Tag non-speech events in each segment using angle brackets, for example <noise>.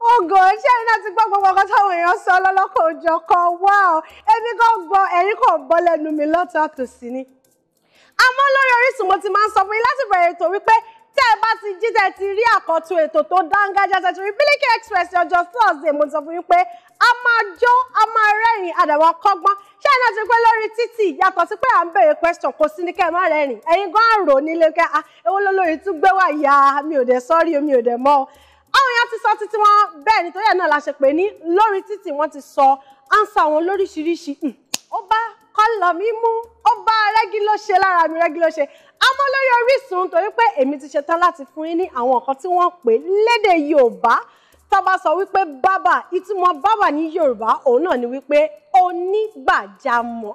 ogo oh ṣé iná ti gbọ́ gbogbo ọkọ táwọn èèyàn sọ lọ́lọ́kọ̀ òjọ kan wá ọ èmi kan gbọ́ ẹ̀rí kò bọ́ lẹ́nu mi lọ́tọ̀ àtòsí ni. àmọ́ lórí Orísun mo ti máa ń sọ fún yín láti bẹ̀rẹ̀ ètò wípé tẹ́ ẹ bá ti jí tẹ́ ti rí àkọ́tún ètò tó dángájá tẹ́ ti rí Miliki Express ọjọ́ Thursday mo ti sọ fún yín pé a máa jó a máa rẹ́rìn àdàwọ̀ kọ́gbọ́n ṣé iná ti pé lórí títì yàtọ̀ sí pé à ń béèrè question kò sí ní kẹ́ ẹ má rẹ́rìn ẹ̀yin gan-an rò nílé kẹ́ ah ewo lólórí tún gbé wá ya ah, mi ò dẹ̀ sọ́rí mi ò dẹ̀ mọ́ ọ àwọn èèyàn ti sọ títí wọn bẹ́ẹ̀ nítorí ẹ̀ náà la ṣe pè ní lórí títì wọ́n ti sọ ánsà wọn lóríṣiríṣi hmm. ó bá kọ́lọ̀ mi mú ó bá rẹ́gí ló ṣe lára mi rẹ́gí ló ṣe àmọ́ lórí Orísun torí pé èmi ti ṣetán láti fún yín ní àwọn nǹkan tí wọ́n pè lédè Yorùbá tá bá sọ wípé bábà ìtumọ̀ bábà ní Yorùbá òun náà ni wípé onígbàjámọ̀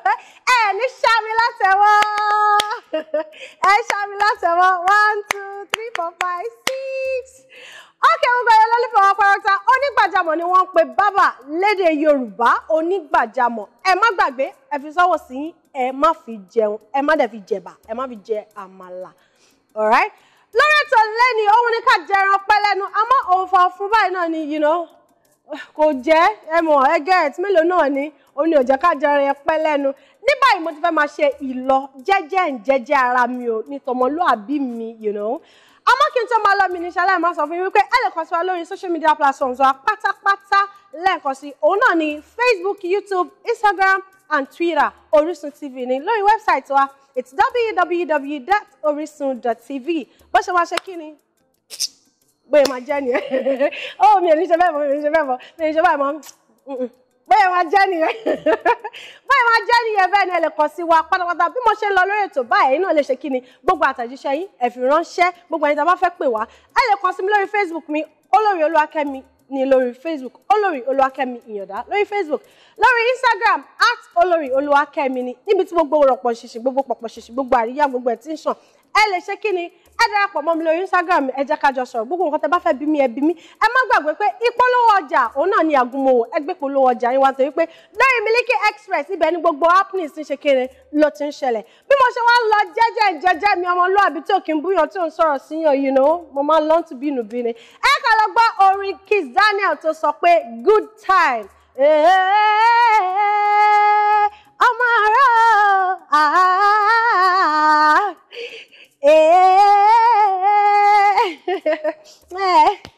<laughs> ẹ ní ṣámi látẹ̀wọ́ <laughs> ẹ ṣámi látẹ̀wọ́ one two three four five. Okay, gbogbo ẹ̀rọ lólùfẹ́ wa pẹ́rọ́tà onígbàjámọ̀ ni wọ́n ń pe bábà lédè Yorùbá onígbàjámọ̀ ẹ má gbàgbé ẹ fi sọ́wọ́ sí yín ẹ má fi jẹun ẹ má dẹ̀ fi jẹ̀bà ẹ má fi jẹ àmàlà alright lórí ètò lẹ́ni òun ní ká jẹran pẹ́ lẹ́nu àmọ́ you know kò jẹ́ ẹ E ẹ gẹ́ẹ̀tì mélòó náà ni Oni oja ò jẹ́ ká jẹran pẹ́ lẹ́nu ní báyìí mo ti fẹ́ máa ṣe ìlọ jẹ́jẹ́ ń ara mi o ní tọmọlúàbí mi you know àmọ́ kí n tó máa lọ mi níṣẹ́ aláìmọ́ sọ fún mi wípé ẹ lè kàn sí wa lórí social media platforms wa pátápátá lẹ́ẹ̀kan sí òun náà ní Facebook YouTube Instagram and Twitter Orísun TV ní lórí wẹ́bsáìtì wa it's www.orisun.tv bó ṣe máa ṣe kí ni bóyá máa jẹ́ nìyẹn ó <laughs> oh, mi ò ní ṣe bẹ́ẹ̀ mọ́ mi ò ní ṣe bẹ́ẹ̀ mọ́ mi ò ní ṣe bẹ́ẹ̀ mọ́ bẹ́ẹ̀ máa jẹ́ nìyẹn <laughs> bẹ́ẹ̀ máa jẹ́ nìyẹn bẹ́ẹ̀ ni ẹ lè kàn sí wa pátápátá bí mo ṣe lọ lórí ètò báyìí ẹ̀yin náà lè ṣe kí ni gbogbo àtẹ̀jíṣẹ́ yín ẹ fi ránṣẹ́ gbogbo ẹ̀yin tá a bá fẹ́ pè wá ẹ lè kàn sí mi lórí Facebook mi olórí olúwakẹ́mi ni lórí Facebook olórí olúwakẹ́mi ìyàndá lórí Facebook lórí Instagram at olórí olúwakẹ́mi ni níbi tí gbogbo rọ̀pọ̀ ṣìṣì gbogbo pọ̀pọ̀ ṣìṣì gbogbo àríyá gbogbo ẹ̀ tí ń ṣàn e lè ṣe kí ni ẹ darapọ̀ mi lórí instagram ẹ jẹ́ ká jọ sọ̀rọ̀ gbogbo nǹkan tẹ bá fẹ́ bí mi ẹ bí mi ẹ pé ìpolówó ọjà òun náà ni àgùnmòwò ẹ gbé ọjà yín wá Miliki Express ibẹ̀ ni gbogbo happenings ti ń ṣe ló ti ń ṣẹlẹ̀ bí mo ṣe wá lọ mi ọmọlúwàbí tí ò kí búyàn tí ò ń yìí mo orin Kiss Daniel tó sọ pé good time. Eh. <laughs> Eh.